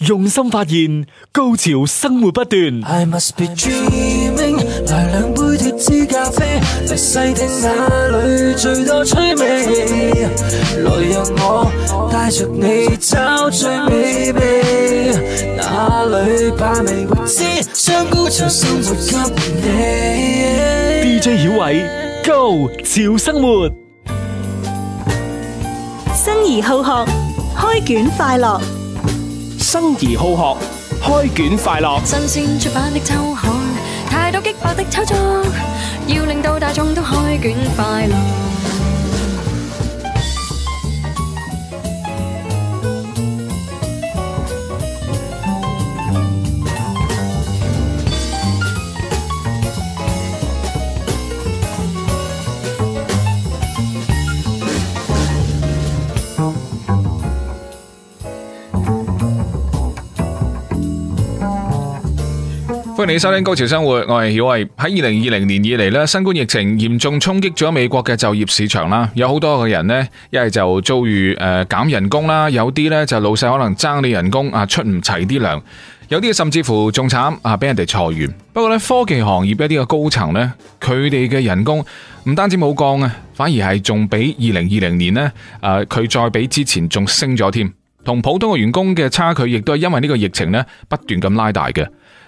用心發現，高潮生活不斷。I must be dreaming，來兩杯脫脂咖啡，來細聽那裏最多趣味。來讓我帶着你找最美味，哪裏把味未知，將高潮生活給你。DJ 小偉，Go 潮生活，生而好學，開卷快樂。生而好學，開卷快樂，新鮮出版的周刊，太多激爆的炒作，要令到大眾都開卷快樂。你收聽《高潮生活》我，我係曉慧。喺二零二零年以嚟咧，新冠疫情嚴重衝擊咗美國嘅就業市場啦。有好多嘅人咧，一係就遭遇，誒減人工啦，有啲咧就老細可能爭你人工啊出唔齊啲糧，有啲甚至乎仲慘啊，俾人哋裁員。不過咧，科技行業一啲嘅高層咧，佢哋嘅人工唔單止冇降啊，反而係仲比二零二零年咧誒，佢，啊、再比之前仲升咗添。同普通嘅員工嘅差距，亦都係因為呢個疫情咧，不斷咁拉大嘅。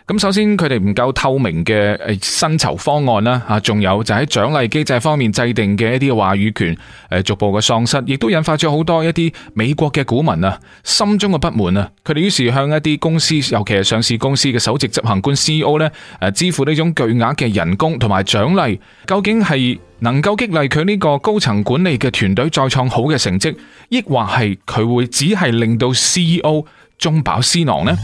咁首先佢哋唔夠透明嘅誒薪酬方案啦，吓仲有就喺獎勵機制方面制定嘅一啲話語權誒逐步嘅喪失，亦都引發咗好多一啲美國嘅股民啊心中嘅不滿啊！佢哋於是向一啲公司，尤其係上市公司嘅首席執行官 CEO 咧誒支付呢種巨額嘅人工同埋獎勵，究竟係能夠激勵佢呢個高層管理嘅團隊再創好嘅成績，抑或係佢會只係令到 CEO 中飽私囊呢？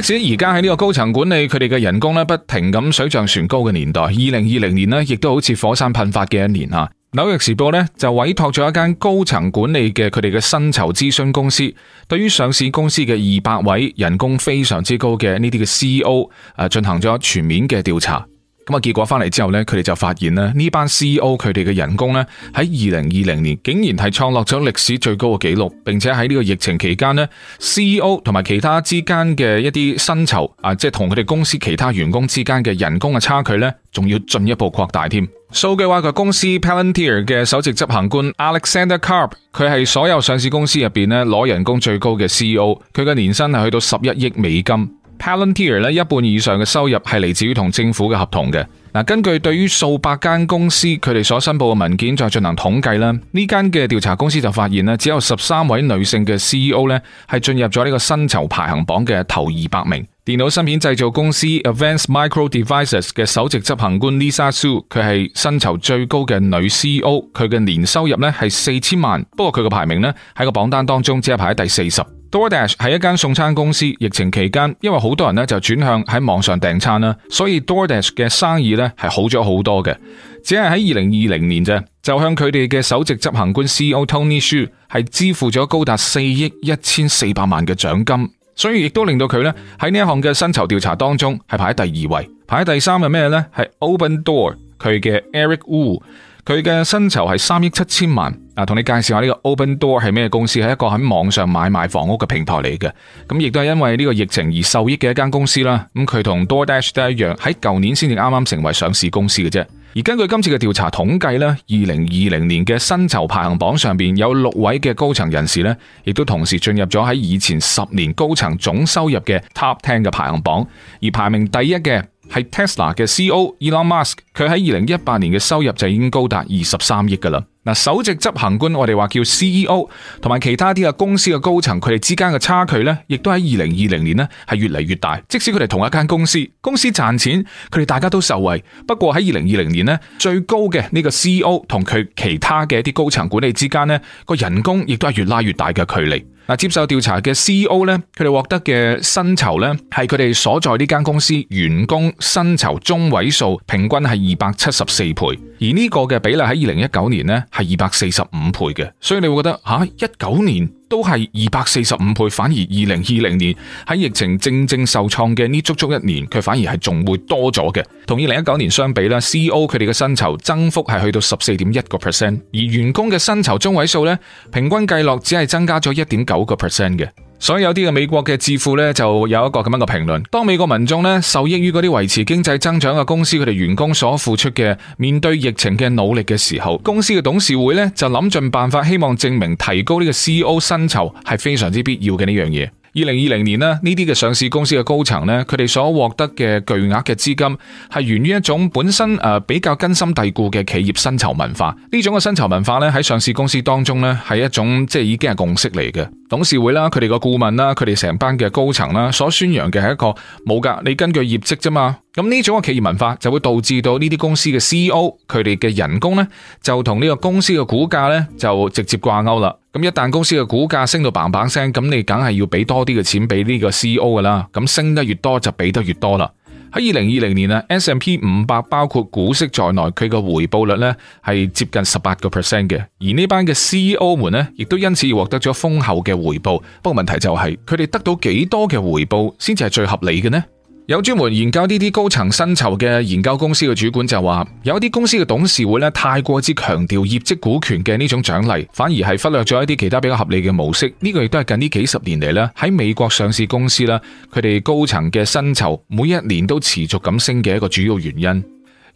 即使而家喺呢個高層管理佢哋嘅人工咧不停咁水漲船高嘅年代，二零二零年呢亦都好似火山噴發嘅一年啊！紐約時報呢就委託咗一間高層管理嘅佢哋嘅薪酬諮詢公司，對於上市公司嘅二百位人工非常之高嘅呢啲嘅 CEO 誒，進行咗全面嘅調查。咁啊，結果翻嚟之後呢佢哋就發現咧，呢班 C E O 佢哋嘅人工呢喺二零二零年竟然係創落咗歷史最高嘅紀錄，並且喺呢個疫情期間呢 C E O 同埋其他之間嘅一啲薪酬啊，即係同佢哋公司其他員工之間嘅人工嘅差距呢，仲要進一步擴大添。數據話，佢公司 Palantir 嘅首席執行官 Alexander Carp，佢係所有上市公司入邊呢攞人工最高嘅 C E O，佢嘅年薪係去到十一億美金。Palantir 咧，一半以上嘅收入係嚟自於同政府嘅合同嘅。嗱，根據對於數百間公司佢哋所申報嘅文件再進行統計啦，呢間嘅調查公司就發現咧，只有十三位女性嘅 CEO 咧，係進入咗呢個薪酬排行榜嘅頭二百名。電腦芯片製造公司 Advanced Micro Devices 嘅首席執行官 Lisa Su，佢係薪酬最高嘅女 CEO，佢嘅年收入咧係四千萬，不過佢嘅排名咧喺個榜單當中只係排喺第四十。DoorDash 係一間送餐公司，疫情期間因為好多人咧就轉向喺網上訂餐啦，所以 DoorDash 嘅生意咧係好咗好多嘅，只係喺二零二零年啫，就向佢哋嘅首席執行官 CEO Tony Xu 係支付咗高達四億一千四百萬嘅獎金。所以亦都令到佢咧喺呢一項嘅薪酬調查當中係排喺第二位，排喺第三嘅咩呢？係 Open Door 佢嘅 Eric Wu，佢嘅薪酬係三億七千萬。啊，同你介紹下呢個 Open Door 係咩公司？係一個喺網上買賣房屋嘅平台嚟嘅。咁亦都係因為呢個疫情而受益嘅一間公司啦。咁、嗯、佢同 DoorDash 都係一樣，喺舊年先至啱啱成為上市公司嘅啫。而根據今次嘅調查統計，呢二零二零年嘅薪酬排行榜上邊有六位嘅高層人士，呢亦都同時進入咗喺以前十年高層總收入嘅 Top Ten 嘅排行榜，而排名第一嘅。係 Tesla 嘅 CEO Elon Musk，佢喺二零一八年嘅收入就已經高達二十三億噶啦。嗱，首席執行官我哋話叫 CEO，同埋其他啲嘅公司嘅高層佢哋之間嘅差距呢亦都喺二零二零年呢係越嚟越大。即使佢哋同一間公司，公司賺錢佢哋大家都受惠。不過喺二零二零年呢，最高嘅呢個 CEO 同佢其他嘅一啲高層管理之間呢，個人工亦都係越拉越大嘅距離。接受調查嘅 C E O 咧，佢哋獲得嘅薪酬咧，係佢哋所在呢間公司員工薪酬中位數平均係二百七十四倍，而呢個嘅比例喺二零一九年咧係二百四十五倍嘅，所以你會覺得嚇一九年。都係二百四十五倍，反而二零二零年喺疫情正正受創嘅呢足足一年，佢反而係仲會多咗嘅。同二零一九年相比啦，CEO 佢哋嘅薪酬增幅係去到十四點一個 percent，而員工嘅薪酬中位數呢，平均計落只係增加咗一點九個 percent 嘅。所以有啲嘅美國嘅智庫咧，就有一個咁樣嘅評論。當美國民眾咧受益於嗰啲維持經濟增長嘅公司佢哋員工所付出嘅面對疫情嘅努力嘅時候，公司嘅董事會咧就諗盡辦法，希望證明提高呢個 CEO 薪酬係非常之必要嘅呢樣嘢。二零二零年呢，呢啲嘅上市公司嘅高層呢，佢哋所獲得嘅巨額嘅資金，係源於一種本身誒比較根深蒂固嘅企業薪酬文化。呢種嘅薪酬文化呢，喺上市公司當中呢，係一種即係已經係共識嚟嘅。董事會啦，佢哋個顧問啦，佢哋成班嘅高層啦，所宣揚嘅係一個冇噶，你根據業績啫嘛。咁呢種嘅企業文化就會導致到呢啲公司嘅 CEO 佢哋嘅人工呢，就同呢個公司嘅股價呢，就直接掛鈎啦。咁一旦公司嘅股價升到棒棒聲，咁你梗係要俾多啲嘅錢俾呢個 CEO 噶啦。咁升得越多就俾得越多啦。喺二零二零年啊，S&P 五百包括股息在內，佢個回報率呢係接近十八個 percent 嘅。而呢班嘅 CEO 們呢，亦都因此獲得咗豐厚嘅回報。不過問題就係佢哋得到幾多嘅回報先至係最合理嘅呢？有專門研究呢啲高層薪酬嘅研究公司嘅主管就話，有啲公司嘅董事會咧太過之強調業績股權嘅呢種獎勵，反而係忽略咗一啲其他比較合理嘅模式。呢個亦都係近呢幾十年嚟呢，喺美國上市公司啦，佢哋高層嘅薪酬每一年都持續咁升嘅一個主要原因。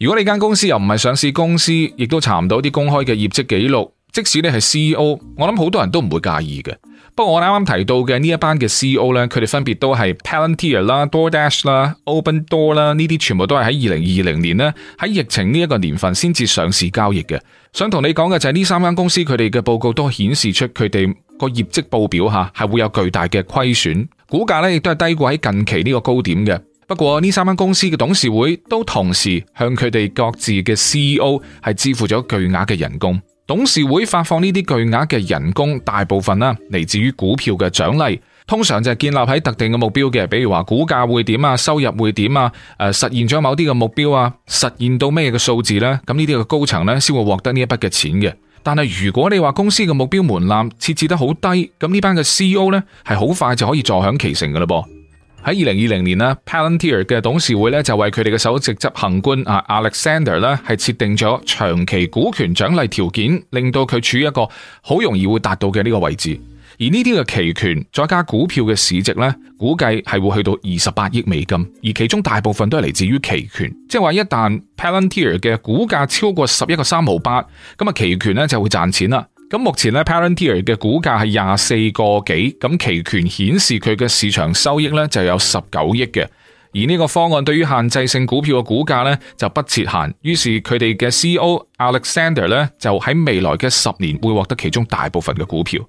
如果你間公司又唔係上市公司，亦都查唔到啲公開嘅業績記錄，即使你係 CEO，我諗好多人都唔會介意嘅。不過我啱啱提到嘅呢一班嘅 CEO 咧，佢哋分別都係 Palantir 啦、DoorDash 啦、Open Door 啦，呢啲全部都係喺二零二零年呢，喺疫情呢一個年份先至上市交易嘅。想同你講嘅就係呢三間公司佢哋嘅報告都顯示出佢哋個業績報表吓係會有巨大嘅虧損，股價咧亦都係低過喺近期呢個高點嘅。不過呢三間公司嘅董事會都同時向佢哋各自嘅 CEO 係支付咗巨額嘅人工。董事會發放呢啲巨額嘅人工，大部分呢嚟自於股票嘅獎勵，通常就係建立喺特定嘅目標嘅，比如話股價會點啊，收入會點啊，誒，實現咗某啲嘅目標啊，實現到咩嘅數字呢。咁呢啲嘅高層咧先會獲得呢一筆嘅錢嘅。但係如果你話公司嘅目標門檻設置得好低，咁呢班嘅 CEO 呢係好快就可以坐享其成噶啦噃。喺二零二零年咧，Palantir 嘅董事會咧就為佢哋嘅首席執行官啊 Alexander 咧係設定咗長期股權獎勵條件，令到佢處於一個好容易會達到嘅呢個位置。而呢啲嘅期權再加股票嘅市值咧，估計係會去到二十八億美金，而其中大部分都係嚟自於期權。即係話一旦 Palantir 嘅股價超過十一個三毛八，咁啊期權咧就會賺錢啦。咁目前咧 Palantir 嘅股價係廿四個幾，咁期權顯示佢嘅市場收益咧就有十九億嘅。而呢個方案對於限制性股票嘅股價咧就不設限。於是佢哋嘅 CEO Alexander 咧就喺未來嘅十年會獲得其中大部分嘅股票。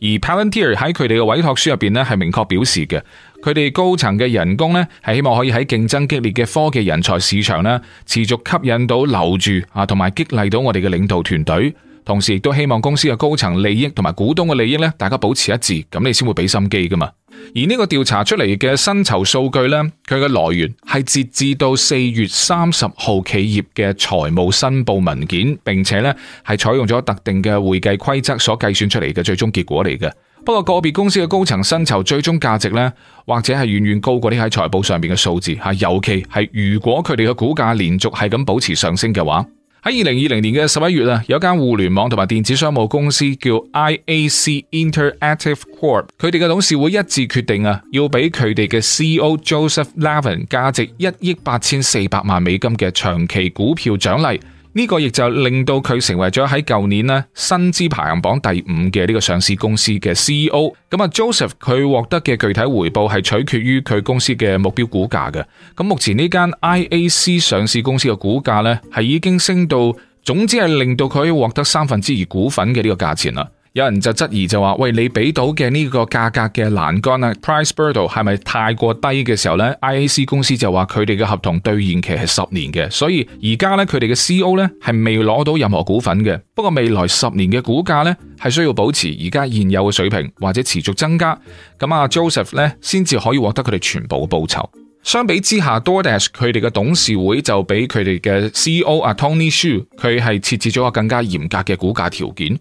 而 Palantir 喺佢哋嘅委託書入邊呢係明確表示嘅，佢哋高層嘅人工呢係希望可以喺競爭激烈嘅科技人才市場呢持續吸引到、留住啊，同埋激勵到我哋嘅領導團隊。同時亦都希望公司嘅高層利益同埋股東嘅利益咧，大家保持一致，咁你先會俾心機噶嘛。而呢個調查出嚟嘅薪酬數據咧，佢嘅來源係截至到四月三十號企業嘅財務申報文件，並且咧係採用咗特定嘅會計規則所計算出嚟嘅最終結果嚟嘅。不過個別公司嘅高層薪酬最終價值咧，或者係遠遠高過啲喺財報上邊嘅數字吓，尤其係如果佢哋嘅股價連續係咁保持上升嘅話。喺二零二零年嘅十一月啊，有間互聯網同埋電子商務公司叫 IAC Interactive Corp，佢哋嘅董事會一致決定啊，要俾佢哋嘅 CEO Joseph Levin 價值一億八千四百萬美金嘅長期股票獎勵。呢個亦就令到佢成為咗喺舊年呢薪資排行榜第五嘅呢個上市公司嘅 CEO。咁、嗯、啊，Joseph 佢獲得嘅具體回報係取決於佢公司嘅目標股價嘅。咁、嗯、目前呢間 IAC 上市公司嘅股價呢，係已經升到，總之係令到佢獲得三分之二股份嘅呢個價錢啦。有人就質疑就話，喂，你俾到嘅呢個價格嘅欄杆啊，price hurdle 係咪太過低嘅時候呢？IAC 公司就話佢哋嘅合同兌現期係十年嘅，所以而家呢，佢哋嘅 CEO 呢係未攞到任何股份嘅。不過未來十年嘅股價呢，係需要保持而家現有嘅水平，或者持續增加，咁阿 Joseph 呢，先至可以獲得佢哋全部嘅報酬。相比之下，DoorDash 佢哋嘅董事會就俾佢哋嘅 CEO 阿 Tony Shu 佢係設置咗一個更加嚴格嘅股價條件。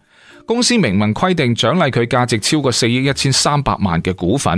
公司明文規定，獎勵佢價值超過四億一千三百萬嘅股份，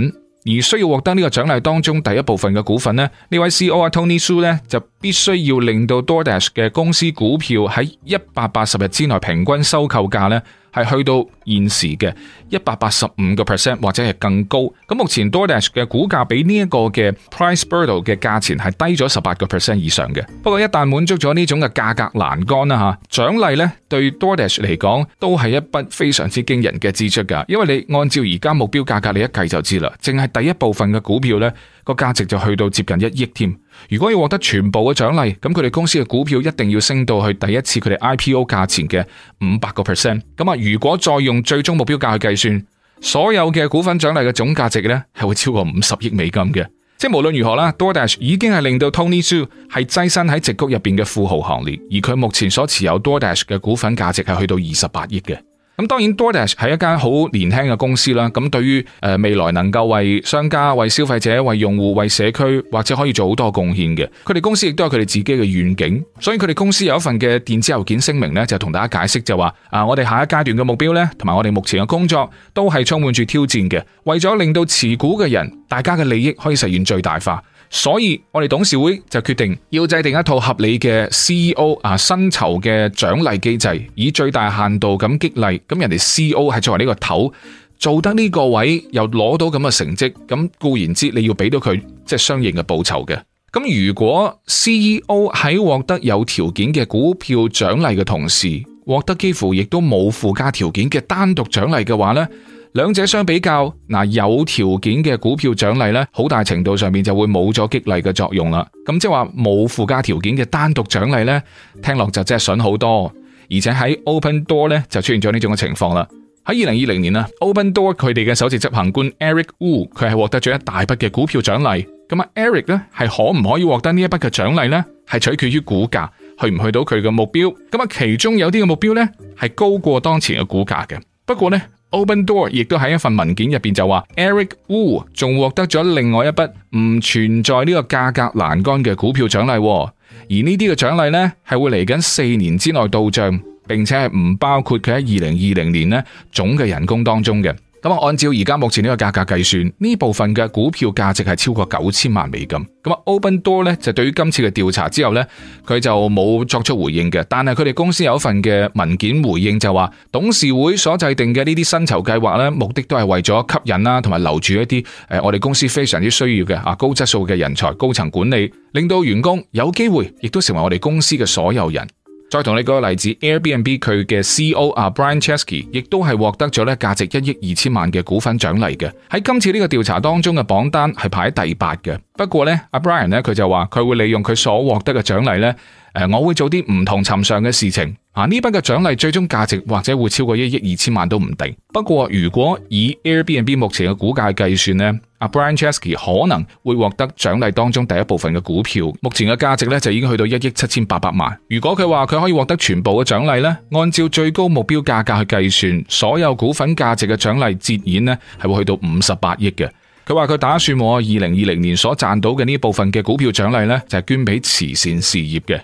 而需要獲得呢個獎勵當中第一部分嘅股份呢，呢位 CEO Tony Hsu 呢，就必須要令到 DoorDash 嘅公司股票喺一百八十日之內平均收購價呢，係去到現時嘅一百八十五個 percent 或者係更高。咁目前 DoorDash 嘅股價比呢一個嘅 Price Hurdle 嘅價錢係低咗十八個 percent 以上嘅。不過一旦滿足咗呢種嘅價格欄杆啦吓，獎勵咧對 DoorDash 嚟講都係一筆非常之驚人嘅支出噶。因為你按照而家目標價格你一計就知啦，淨係第一部分嘅股票咧個價值就去到接近一億添。如果要獲得全部嘅獎勵，咁佢哋公司嘅股票一定要升到去第一次佢哋 IPO 價錢嘅五百個 percent。咁啊，如果再用最終目標價去計算，所有嘅股份獎勵嘅總價值呢係會超過五十億美金嘅。即係無論如何啦，DoorDash 已經係令到 Tony Su、si、係躋身喺直谷入邊嘅富豪行列，而佢目前所持有 DoorDash 嘅股份價值係去到二十八億嘅。咁當然，DoorDash 係一間好年輕嘅公司啦。咁對於誒未來能夠為商家、為消費者、為用戶、為社區或者可以做好多貢獻嘅，佢哋公司亦都有佢哋自己嘅願景。所以佢哋公司有一份嘅電子郵件聲明呢就同大家解釋就話，啊，我哋下一階段嘅目標呢，同埋我哋目前嘅工作都係充滿住挑戰嘅，為咗令到持股嘅人，大家嘅利益可以實現最大化。所以我哋董事會就決定要制定一套合理嘅 CEO 啊薪酬嘅獎勵機制，以最大限度咁激勵。咁人哋 CEO 係作為呢個頭做得呢個位，又攞到咁嘅成績，咁固然之你要俾到佢即係相應嘅報酬嘅。咁如果 CEO 喺獲得有條件嘅股票獎勵嘅同時，獲得幾乎亦都冇附加條件嘅單獨獎勵嘅話呢。兩者相比較，嗱有條件嘅股票獎勵咧，好大程度上面就會冇咗激勵嘅作用啦。咁即係話冇附加條件嘅單獨獎勵咧，聽落就即係筍好多。而且喺 Open Door 咧就出現咗呢種嘅情況啦。喺二零二零年啊，Open Door 佢哋嘅首席執行官 Eric Wu 佢係獲得咗一大筆嘅股票獎勵。咁啊，Eric 咧係可唔可以獲得呢一筆嘅獎勵咧，係取決於股價去唔去到佢嘅目標。咁啊，其中有啲嘅目標咧係高過當前嘅股價嘅。不過咧。Open Door 亦都喺一份文件入邊就話，Eric Wu 仲獲得咗另外一筆唔存在呢個價格欄杆嘅股票獎勵，而呢啲嘅獎勵呢係會嚟緊四年之內到賬，並且係唔包括佢喺二零二零年呢總嘅人工當中嘅。咁按照而家目前呢個價格計算，呢部分嘅股票價值係超過九千萬美金。咁啊，Open Door 咧，就對於今次嘅調查之後咧，佢就冇作出回應嘅。但係佢哋公司有一份嘅文件回應就話，董事會所制定嘅呢啲薪酬計劃咧，目的都係為咗吸引啦，同埋留住一啲誒，我哋公司非常之需要嘅啊，高質素嘅人才、高層管理，令到員工有機會，亦都成為我哋公司嘅所有人。再同你舉個例子，Airbnb 佢嘅 CEO 阿 Brian Chesky 亦都係獲得咗咧價值一億二千萬嘅股份獎勵嘅。喺今次呢個調查當中嘅榜單係排喺第八嘅。不過呢，阿 Brian 呢，佢就話佢會利用佢所獲得嘅獎勵咧。誒，我會做啲唔同尋常嘅事情。啊，呢筆嘅獎勵最終價值或者會超過一億二千萬都唔定。不過如果以 Airbnb 目前嘅股價計算呢，阿 Brian Chesky 可能會獲得獎勵當中第一部分嘅股票，目前嘅價值呢，就已經去到一億七千八百萬。如果佢話佢可以獲得全部嘅獎勵呢，按照最高目標價格去計算，所有股份價值嘅獎勵折現呢係會去到五十八億嘅。佢話佢打算我二零二零年所賺到嘅呢部分嘅股票獎勵呢，就係捐俾慈善事業嘅。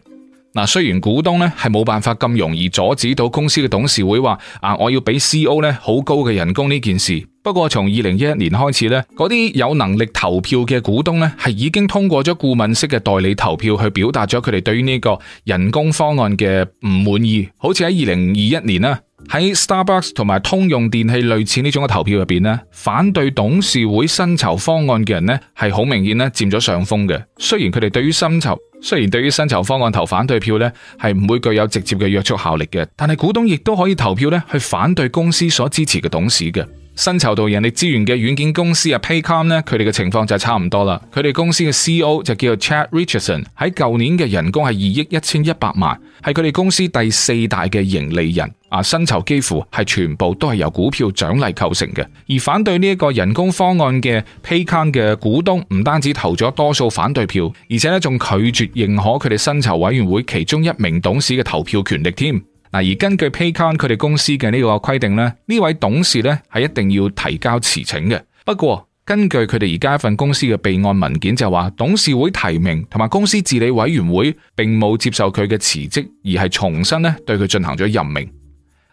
嗱，雖然股東咧係冇辦法咁容易阻止到公司嘅董事會話，啊，我要俾 CEO 咧好高嘅人工呢件事。不過從二零一一年開始呢，嗰啲有能力投票嘅股東咧係已經通過咗顧問式嘅代理投票去表達咗佢哋對於呢個人工方案嘅唔滿意。好似喺二零二一年啦，喺 Starbucks 同埋通用電器類似呢種嘅投票入邊咧，反對董事會薪酬方案嘅人咧係好明顯咧佔咗上風嘅。雖然佢哋對於薪酬，雖然對於薪酬方案投反對票呢係唔會具有直接嘅約束效力嘅，但係股東亦都可以投票呢去反對公司所支持嘅董事嘅。薪酬度人力資源嘅軟件公司啊，Paycom 呢，佢哋嘅情況就差唔多啦。佢哋公司嘅 CEO 就叫做 Chad Richardson，喺舊年嘅人工係二億一千一百萬，係佢哋公司第四大嘅盈利人。啊！薪酬幾乎係全部都係由股票獎勵構成嘅。而反對呢一個人工方案嘅 Paycon 嘅股東，唔單止投咗多數反對票，而且呢仲拒絕認可佢哋薪酬委員會其中一名董事嘅投票權力。添嗱，而根據 Paycon 佢哋公司嘅呢個規定咧，呢位董事呢係一定要提交辭呈嘅。不過根據佢哋而家一份公司嘅備案文件就係話，董事會提名同埋公司治理委員會並冇接受佢嘅辭職，而係重新咧對佢進行咗任命。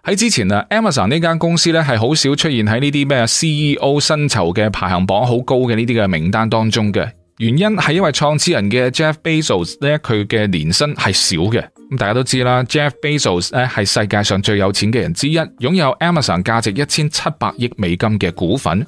喺之前啊，Amazon 呢間公司咧係好少出現喺呢啲咩 CEO 薪酬嘅排行榜好高嘅呢啲嘅名單當中嘅原因係因為創始人嘅 Jeff Bezos 咧，佢嘅年薪係少嘅。咁大家都知啦，Jeff Bezos 咧係世界上最有錢嘅人之一，擁有 Amazon 價值一千七百億美金嘅股份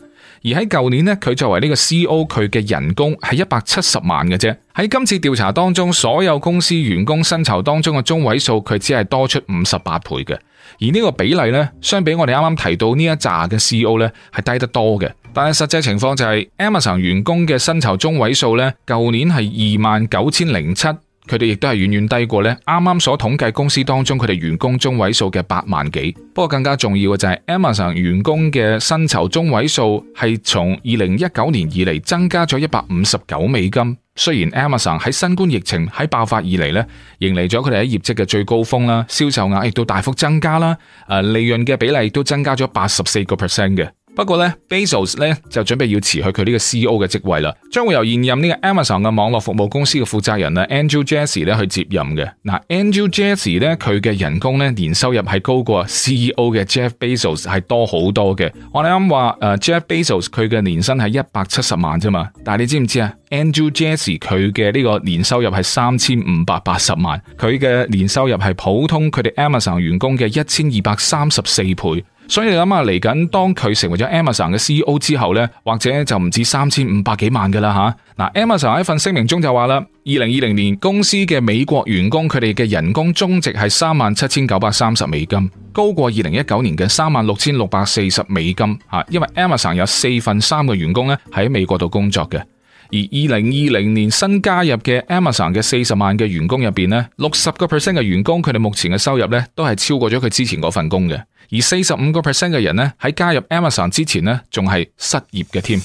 而。而喺舊年呢，佢作為呢個 CEO，佢嘅人工係一百七十萬嘅啫。喺今次調查當中，所有公司員工薪酬當中嘅中位數佢只係多出五十八倍嘅。而呢個比例咧，相比我哋啱啱提到呢一紮嘅 CO 呢，係低得多嘅。但係實際情況就係、是、Amazon 員工嘅薪酬中位數呢，舊年係二萬九千零七。佢哋亦都係遠遠低過咧，啱啱所統計公司當中佢哋員工中位數嘅八萬幾。不過更加重要嘅就係 Amazon 員工嘅薪酬中位數係從二零一九年以嚟增加咗一百五十九美金。雖然 Amazon 喺新冠疫情喺爆發以嚟咧，迎嚟咗佢哋喺業績嘅最高峰啦，銷售額亦都大幅增加啦，誒，利潤嘅比例都增加咗八十四個 percent 嘅。不過咧 Bezos 咧就準備要辭去佢呢個 CEO 嘅職位啦，將會由現任呢個 Amazon 嘅網絡服務公司嘅負責人啊，Andrew Jassy 咧去接任嘅。嗱，Andrew Jassy 咧佢嘅人工咧年收入係高過 CEO 嘅 Jeff Bezos 係多好多嘅。我哋啱話誒，Jeff Bezos 佢嘅年薪係一百七十萬啫嘛，但係你知唔知啊？Andrew Jassy 佢嘅呢個年收入係三千五百八十萬，佢嘅年收入係普通佢哋 Amazon 員工嘅一千二百三十四倍。所以你諗下嚟緊，當佢成為咗 Amazon 嘅 CEO 之後呢，或者就唔止三千五百幾萬嘅啦吓。嗱、啊、，Amazon 喺一份聲明中就話啦，二零二零年公司嘅美國員工佢哋嘅人工中值係三萬七千九百三十美金，高過二零一九年嘅三萬六千六百四十美金。吓、啊，因為 Amazon 有四分三嘅員工咧喺美國度工作嘅，而二零二零年新加入嘅 Amazon 嘅四十萬嘅員工入邊咧，六十個 percent 嘅員工佢哋目前嘅收入咧都係超過咗佢之前嗰份工嘅。而四十五個 percent 嘅人呢，喺加入 Amazon 之前呢，仲係失業嘅添。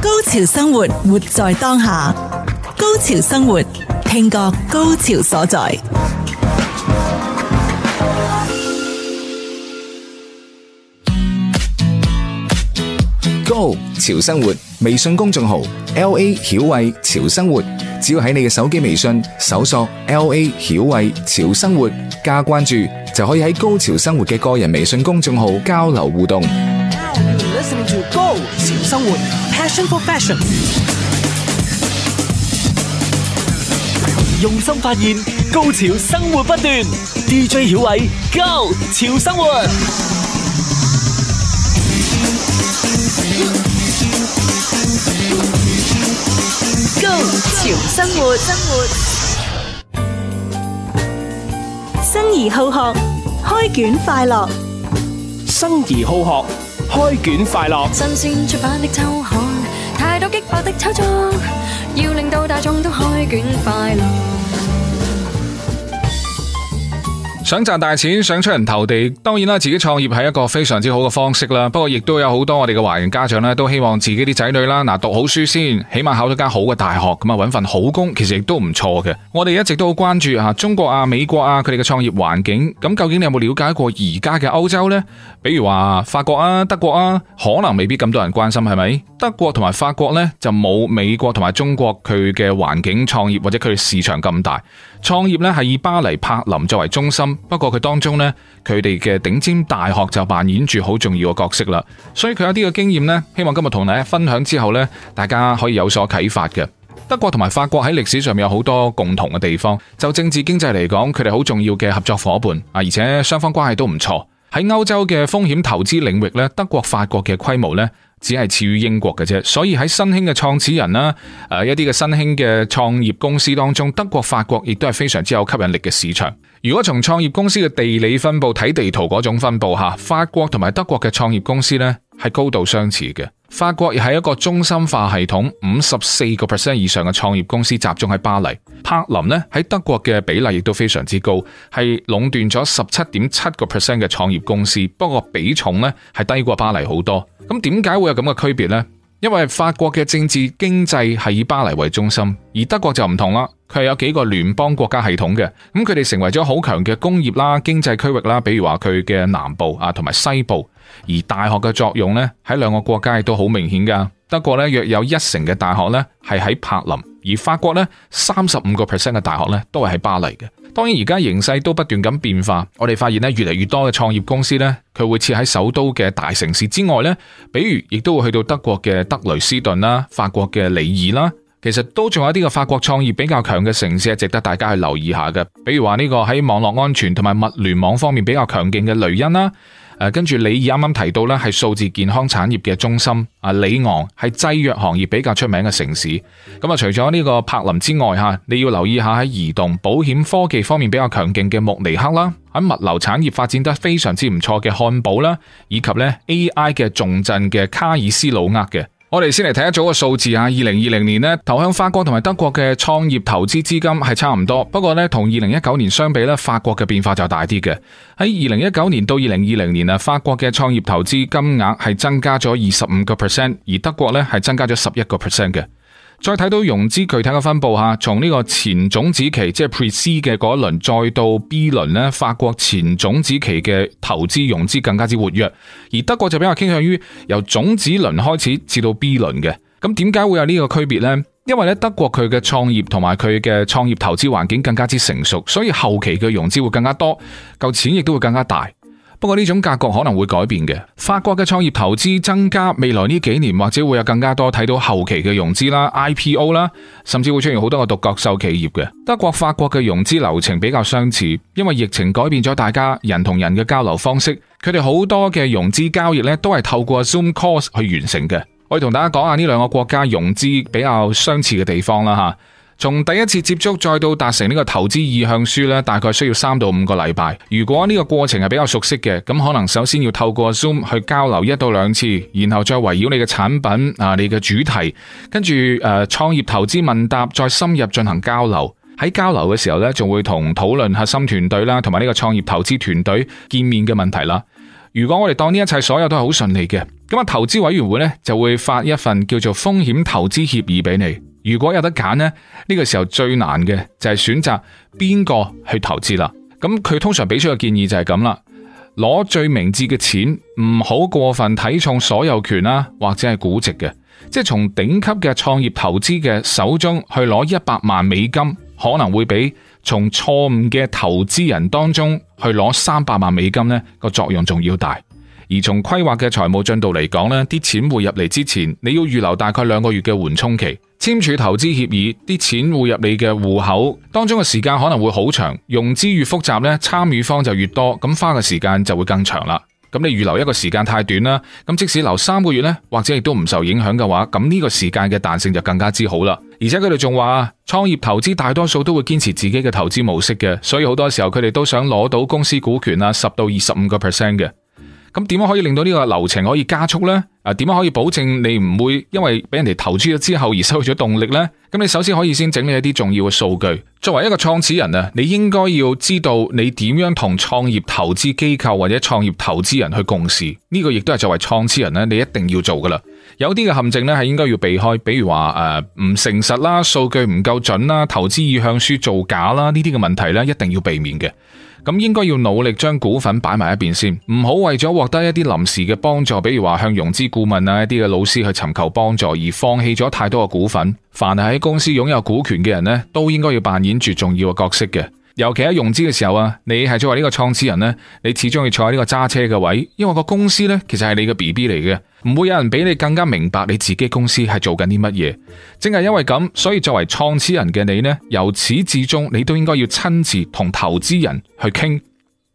高潮生活，活在當下。高潮生活，聽過高潮所在。Go 潮生活微信公眾號 L A 曉慧潮生活，只要喺你嘅手機微信搜索 L A 曉慧潮生活。加關注就可以喺高潮生活嘅個人微信公眾號交流互動。Now you listening to 高潮生活，passion for fashion。用心發現，高潮生活不斷。DJ 曉偉，高潮生活，高潮生活，生活。生而好學開卷快樂。生而好學開卷快樂。新鮮出版的周刊，太多激爆的炒作，要令到大眾都開卷快樂。想賺大錢，想出人頭地，當然啦，自己創業係一個非常之好嘅方式啦。不過，亦都有好多我哋嘅華人家長呢，都希望自己啲仔女啦，嗱，讀好書先，起碼考咗間好嘅大學，咁啊，揾份好工，其實亦都唔錯嘅。我哋一直都好關注下中國啊，美國啊，佢哋嘅創業環境，咁究竟你有冇了解過而家嘅歐洲呢？比如話法國啊、德國啊，可能未必咁多人關心，係咪？德國同埋法國呢，就冇美國同埋中國佢嘅環境創業或者佢哋市場咁大。創業咧係以巴黎、柏林作為中心，不過佢當中呢，佢哋嘅頂尖大學就扮演住好重要嘅角色啦。所以佢有啲嘅經驗呢，希望今日同大家分享之後呢，大家可以有所啟發嘅。德國同埋法國喺歷史上面有好多共同嘅地方，就政治經濟嚟講，佢哋好重要嘅合作伙伴啊，而且雙方關係都唔錯。喺歐洲嘅風險投資領域呢，德國法國嘅規模呢，只係次於英國嘅啫，所以喺新興嘅創始人啦，誒一啲嘅新興嘅創業公司當中，德國、法國亦都係非常之有吸引力嘅市場。如果從創業公司嘅地理分布睇地圖嗰種分布吓，法國同埋德國嘅創業公司呢係高度相似嘅。法國亦係一個中心化系統，五十四個 percent 以上嘅創業公司集中喺巴黎。柏林呢喺德國嘅比例亦都非常之高，係壟斷咗十七點七個 percent 嘅創業公司，不過比重呢係低過巴黎好多。咁點解會有咁嘅區別呢？因為法國嘅政治經濟係以巴黎為中心，而德國就唔同啦。佢係有幾個聯邦國家系統嘅，咁佢哋成為咗好強嘅工業啦、經濟區域啦，比如話佢嘅南部啊，同埋西部。而大學嘅作用呢，喺兩個國家亦都好明顯噶。德國呢，約有一成嘅大學呢係喺柏林，而法國呢，三十五個 percent 嘅大學呢都係喺巴黎嘅。當然，而家形勢都不斷咁變化，我哋發現咧越嚟越多嘅創業公司咧，佢會設喺首都嘅大城市之外咧，比如亦都會去到德國嘅德累斯頓啦、法國嘅里爾啦，其實都仲有一啲嘅法國創業比較強嘅城市係值得大家去留意下嘅，比如話呢個喺網絡安全同埋物聯網方面比較強勁嘅雷恩啦。誒，跟住李儀啱啱提到咧，係數字健康產業嘅中心，啊，里昂係製藥行業比較出名嘅城市。咁啊，除咗呢個柏林之外，吓你要留意下喺移動、保險、科技方面比較強勁嘅慕尼黑啦，喺物流產業發展得非常之唔錯嘅漢堡啦，以及咧 AI 嘅重鎮嘅卡爾斯魯厄嘅。我哋先嚟睇一組個數字啊，二零二零年呢，投向法國同埋德國嘅創業投資資金係差唔多，不過呢，同二零一九年相比呢，法國嘅變化就大啲嘅。喺二零一九年到二零二零年啊，法國嘅創業投資金額係增加咗二十五個 percent，而德國呢係增加咗十一個 percent 嘅。再睇到融資具體嘅分佈吓，從呢個前種子期即係 pre-seed 嘅嗰一輪，再到 B 輪咧，法國前種子期嘅投資融資更加之活躍，而德國就比較傾向於由種子輪開始至到 B 輪嘅。咁點解會有呢個區別呢？因為咧德國佢嘅創業同埋佢嘅創業投資環境更加之成熟，所以後期嘅融資會更加多，夠錢亦都會更加大。不過呢種格局可能會改變嘅。法國嘅創業投資增加，未來呢幾年或者會有更加多睇到後期嘅融資啦、IPO 啦，甚至會出現好多個獨角獸企業嘅。德國、法國嘅融資流程比較相似，因為疫情改變咗大家人同人嘅交流方式，佢哋好多嘅融資交易呢，都係透過 Zoom course 去完成嘅。我同大家講下呢兩個國家融資比較相似嘅地方啦，吓。從第一次接觸再到達成呢個投資意向書咧，大概需要三到五個禮拜。如果呢個過程係比較熟悉嘅，咁可能首先要透過 Zoom 去交流一到兩次，然後再圍繞你嘅產品啊、你嘅主題，跟住誒創業投資問答再深入進行交流。喺交流嘅時候咧，仲會同討論核心團隊啦，同埋呢個創業投資團隊見面嘅問題啦。如果我哋當呢一切所有都係好順利嘅，咁啊投資委員會咧就會發一份叫做風險投資協議俾你。如果有得揀呢，呢個時候最難嘅就係選擇邊個去投資啦。咁佢通常俾出嘅建議就係咁啦，攞最明智嘅錢，唔好過分睇重所有權啦，或者係估值嘅，即係從頂級嘅創業投資嘅手中去攞一百萬美金，可能會比從錯誤嘅投資人當中去攞三百萬美金呢個作用仲要大。而從規劃嘅財務進度嚟講呢，啲錢匯入嚟之前，你要預留大概兩個月嘅緩衝期，簽署投資協議，啲錢匯入你嘅戶口當中嘅時間可能會好長。融資越複雜呢，參與方就越多，咁花嘅時間就會更長啦。咁你預留一個時間太短啦，咁即使留三個月呢，或者亦都唔受影響嘅話，咁呢個時間嘅彈性就更加之好啦。而且佢哋仲話創業投資大多數都會堅持自己嘅投資模式嘅，所以好多時候佢哋都想攞到公司股權啊，十到二十五個 percent 嘅。咁點樣可以令到呢個流程可以加速呢？啊，點樣可以保證你唔會因為俾人哋投資咗之後而失去咗動力呢？咁你首先可以先整理一啲重要嘅數據。作為一個創始人啊，你應該要知道你點樣同創業投資機構或者創業投資人去共事。呢個亦都係作為創始人咧，你一定要做噶啦。有啲嘅陷阱咧係應該要避開，比如話誒唔誠實啦、數據唔夠準啦、投資意向書造假啦呢啲嘅問題咧，一定要避免嘅。咁應該要努力將股份擺埋一邊先，唔好為咗獲得一啲臨時嘅幫助，比如話向融資顧問啊一啲嘅老師去尋求幫助而放棄咗太多嘅股份。凡係喺公司擁有股權嘅人呢，都應該要扮演住重要嘅角色嘅。尤其喺融資嘅時候啊，你係作為呢個創始人呢，你始終要坐喺呢個揸車嘅位，因為個公司呢，其實係你嘅 BB 嚟嘅，唔會有人比你更加明白你自己公司係做緊啲乜嘢。正係因為咁，所以作為創始人嘅你呢，由始至終你都應該要親自同投資人去傾。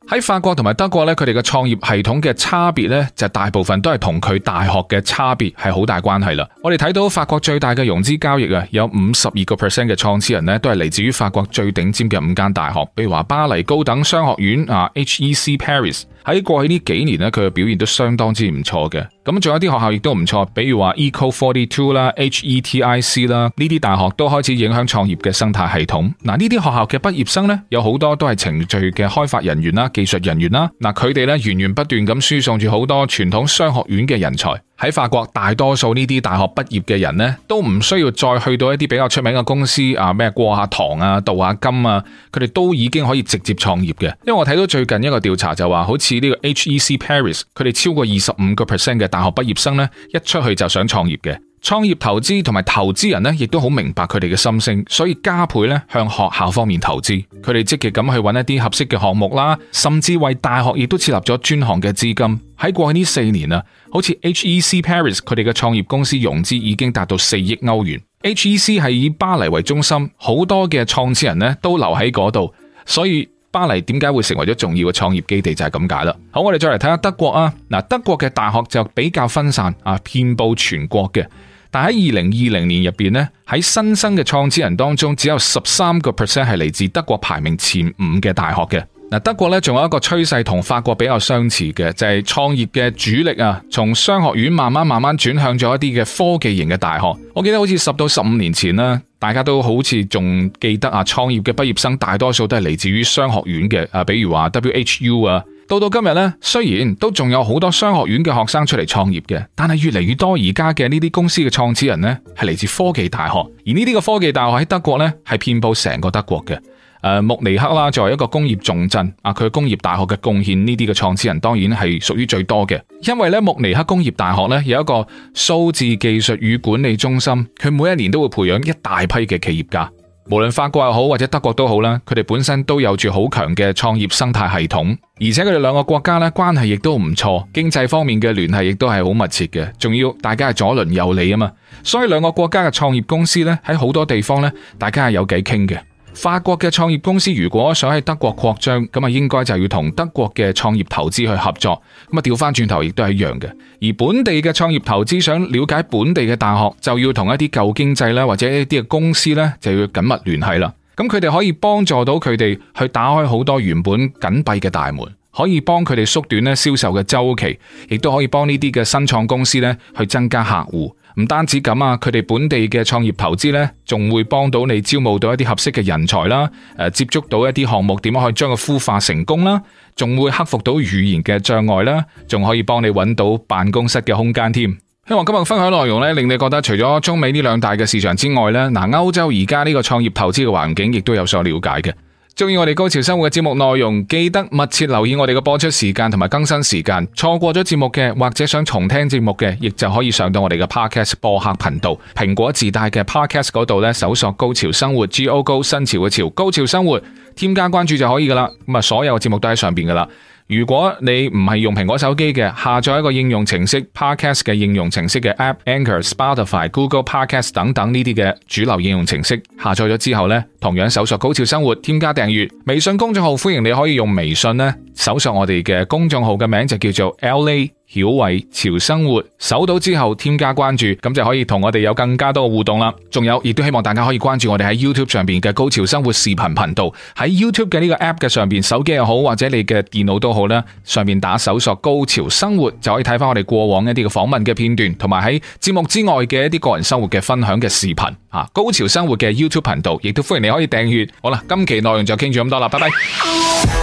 喺法國同埋德國咧，佢哋嘅創業系統嘅差別咧，就大部分都係同佢大學嘅差別係好大關係啦。我哋睇到法國最大嘅融資交易啊，有五十二個 percent 嘅創始人咧，都係嚟自於法國最頂尖嘅五間大學，比如話巴黎高等商學院啊 （HEC Paris）。喺過去呢幾年咧，佢嘅表現都相當之唔錯嘅。咁仲有啲學校亦都唔錯，比如話 Eco Forty Two 啦、HETIC 啦，呢啲大學都開始影響創業嘅生態系統。嗱，呢啲學校嘅畢業生咧，有好多都係程序嘅開發人員啦、技術人員啦。嗱，佢哋咧源源不斷咁輸送住好多傳統商學院嘅人才。喺法國，大多數呢啲大學畢業嘅人呢，都唔需要再去到一啲比較出名嘅公司啊，咩過下堂啊、鍍下金啊，佢哋都已經可以直接創業嘅。因為我睇到最近一個調查就話，好似呢個 HEC Paris，佢哋超過二十五個 percent 嘅大學畢業生呢，一出去就想創業嘅。創業投資同埋投資人咧，亦都好明白佢哋嘅心聲，所以加倍咧向學校方面投資。佢哋積極咁去揾一啲合適嘅項目啦，甚至為大學亦都設立咗專項嘅資金。喺過去呢四年啊，好似 HEC Paris 佢哋嘅創業公司融資已經達到四億歐元。HEC 係以巴黎為中心，好多嘅創始人呢都留喺嗰度，所以巴黎點解會成為咗重要嘅創業基地就係咁解啦。好，我哋再嚟睇下德國啊。嗱，德國嘅大學就比較分散啊，遍佈全國嘅。但喺二零二零年入邊呢，喺新生嘅創始人當中，只有十三個 percent 係嚟自德國排名前五嘅大學嘅。嗱，德國呢仲有一個趨勢同法國比較相似嘅，就係創業嘅主力啊，從商學院慢慢慢慢轉向咗一啲嘅科技型嘅大學。我記得好似十到十五年前啦，大家都好似仲記得啊，創業嘅畢業生大多數都係嚟自於商學院嘅，啊，比如話 WHU 啊。到到今日咧，雖然都仲有好多商學院嘅學生出嚟創業嘅，但係越嚟越多而家嘅呢啲公司嘅創始人呢，係嚟自科技大學。而呢啲嘅科技大學喺德國呢，係遍布成個德國嘅。誒，慕尼黑啦，作為一個工業重鎮啊，佢工業大學嘅貢獻呢啲嘅創始人，當然係屬於最多嘅。因為咧，慕尼黑工業大學呢，有一個數字技術與管理中心，佢每一年都會培養一大批嘅企業家。無論法國又好或者德國都好啦，佢哋本身都有住好強嘅創業生態系統，而且佢哋兩個國家咧關係亦都唔錯，經濟方面嘅聯繫亦都係好密切嘅，仲要大家係左鄰右里啊嘛，所以兩個國家嘅創業公司咧喺好多地方咧，大家係有偈傾嘅。法國嘅創業公司如果想喺德國擴張，咁啊應該就要同德國嘅創業投資去合作。咁啊調翻轉頭亦都係一樣嘅。而本地嘅創業投資想了解本地嘅大學，就要同一啲舊經濟咧或者一啲嘅公司咧就要緊密聯繫啦。咁佢哋可以幫助到佢哋去打開好多原本緊閉嘅大門，可以幫佢哋縮短呢銷售嘅周期，亦都可以幫呢啲嘅新創公司咧去增加客戶。唔單止咁啊，佢哋本地嘅創業投資呢，仲會幫到你招募到一啲合適嘅人才啦，誒，接觸到一啲項目，點樣可以將佢孵化成功啦，仲會克服到語言嘅障礙啦，仲可以幫你揾到辦公室嘅空間添。希望今日分享內容呢，令你覺得除咗中美呢兩大嘅市場之外呢，嗱，歐洲而家呢個創業投資嘅環境亦都有所了解嘅。中意我哋高潮生活嘅節目內容，記得密切留意我哋嘅播出時間同埋更新時間。錯過咗節目嘅，或者想重聽節目嘅，亦就可以上到我哋嘅 Podcast 播客頻道，蘋果自帶嘅 Podcast 嗰度咧，搜索高潮生活 G O G 新潮嘅潮，高潮生活，添加關注就可以噶啦。咁啊，所有節目都喺上邊噶啦。如果你唔係用蘋果手機嘅，下載一個應用程式，Podcast 嘅應用程式嘅 App，Anchor、Spotify、Google Podcast 等等呢啲嘅主流應用程式，下載咗之後呢，同樣搜索高潮生活，添加訂閱。微信公眾號歡迎你可以用微信呢搜索我哋嘅公眾號嘅名字就叫做 Lay。曉偉潮生活，搜到之後添加關注，咁就可以同我哋有更加多嘅互動啦。仲有，亦都希望大家可以關注我哋喺 YouTube 上邊嘅高潮生活視頻頻道。喺 YouTube 嘅呢個 App 嘅上邊，手機又好或者你嘅電腦都好啦，上面打搜索“高潮生活”就可以睇翻我哋過往一啲嘅訪問嘅片段，同埋喺節目之外嘅一啲個人生活嘅分享嘅視頻。吓、啊，高潮生活嘅 YouTube 頻道，亦都歡迎你可以訂閱。好啦，今期內容就傾住咁多啦，拜拜。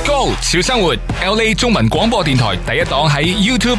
高潮生活，LA 中文廣播電台第一檔喺 YouTube。